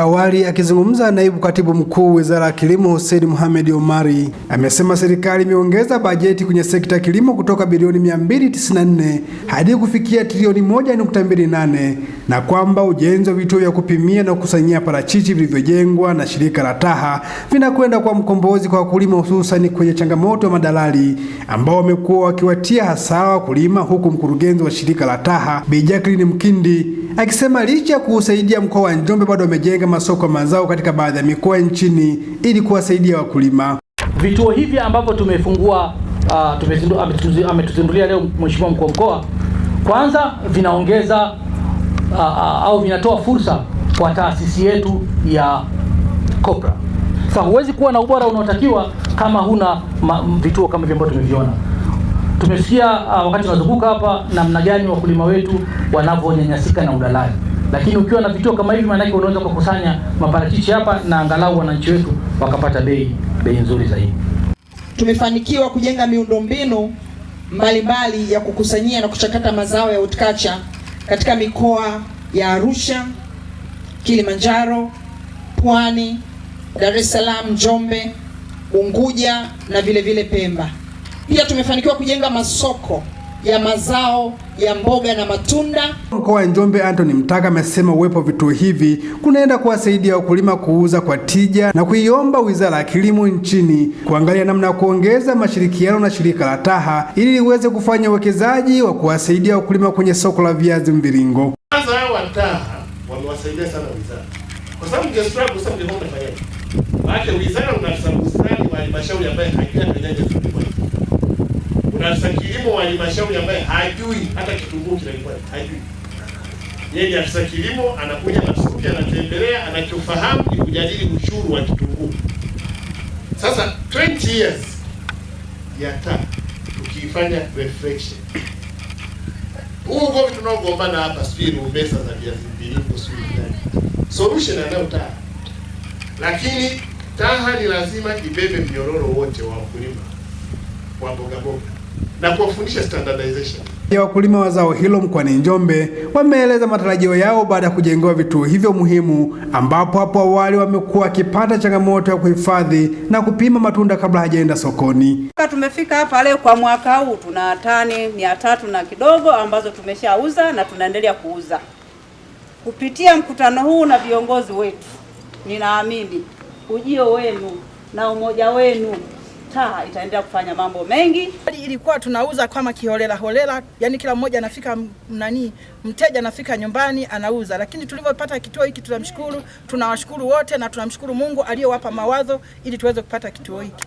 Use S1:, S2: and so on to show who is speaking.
S1: Awali akizungumza naibu katibu mkuu wizara ya kilimo Hussein Mohamed Omari amesema serikali imeongeza bajeti kwenye sekta ya kilimo kutoka bilioni 294 hadi kufikia trilioni 1.28 na kwamba ujenzi wa vituo vya kupimia na kukusanyia parachichi vilivyojengwa na shirika la TAHA vinakwenda kwa mkombozi kwa wakulima, hususani kwenye changamoto ya madalali ambao wamekuwa wakiwatia hasara wakulima, huku mkurugenzi wa shirika la TAHA Bi Jacqueline Mkindi akisema licha ya kuusaidia mkoa wa Njombe bado wamejenga masoko ya mazao katika baadhi ya mikoa nchini ili kuwasaidia wakulima.
S2: Vituo hivi ambavyo tumefungua uh, ametuzindulia leo Mheshimiwa mkuu wa mkoa, kwanza vinaongeza uh, uh, au vinatoa fursa kwa taasisi yetu ya kopra. Sasa huwezi kuwa na ubora unaotakiwa kama huna ma, vituo kama hivyo ambavyo tumeviona. Tumesikia uh, wakati tunazunguka hapa namna gani wakulima wetu wanavyonyanyasika na udalali lakini ukiwa na vituo kama hivi, maanake unaweza kukusanya maparachichi hapa na angalau wananchi wetu wakapata bei bei nzuri zaidi.
S3: Tumefanikiwa kujenga miundombinu mbalimbali ya kukusanyia na kuchakata mazao ya utkacha katika mikoa ya Arusha, Kilimanjaro, Pwani, Dar es Salaam, Njombe, Unguja na vile vile Pemba. Pia tumefanikiwa kujenga masoko ya mazao ya mboga na matunda.
S1: Mkoa wa Njombe, Anthony Mtaka amesema uwepo vituo hivi kunaenda kuwasaidia wakulima kuuza kwa tija na kuiomba Wizara ya Kilimo nchini kuangalia namna ya kuongeza mashirikiano na shirika la TAHA ili liweze kufanya uwekezaji wa kuwasaidia wakulima kwenye soko la viazi mviringo.
S4: Sasa hao wa TAHA wamewasaidia sana wizara. Kwa sababu ndio struggle sasa ndio mnafanyaje? Maana wizara una wa halmashauri ambaye haijaje afisa kilimo wa halmashauri ambaye hajui hata kitunguu kinaitwa hajui. Yeye ni afisa kilimo, anakuja na suti, anatembelea, anachofahamu ni kujadili ushuru wa kitunguu. Sasa 20 years ya taa tukiifanya reflection, huu ugomvi tunaogombana hapa, sijui umesa za viazi mviringo, sijui nani, solution anayo taa, lakini taha ni lazima ibebe mnyororo wote wa wakulima wa mboga mboga na kuwafundisha standardization.
S1: Ya wakulima wa zao hilo mkoani Njombe wameeleza matarajio yao baada ya kujengewa vituo hivyo muhimu, ambapo hapo awali wamekuwa wakipata changamoto ya kuhifadhi na kupima matunda kabla hajaenda sokoni.
S5: Tumefika hapa leo, kwa mwaka huu tuna tani mia tatu na kidogo ambazo tumeshauza na tunaendelea kuuza. Kupitia mkutano huu na viongozi wetu, ninaamini ujio wenu na umoja wenu TAA itaendelea kufanya mambo mengi.
S6: Ilikuwa tunauza kama kiholela holela, yani kila mmoja anafika nani, mteja anafika nyumbani anauza, lakini tulivyopata kituo hiki tunamshukuru, tunawashukuru wote na tunamshukuru Mungu aliyowapa mawazo ili tuweze kupata kituo hiki.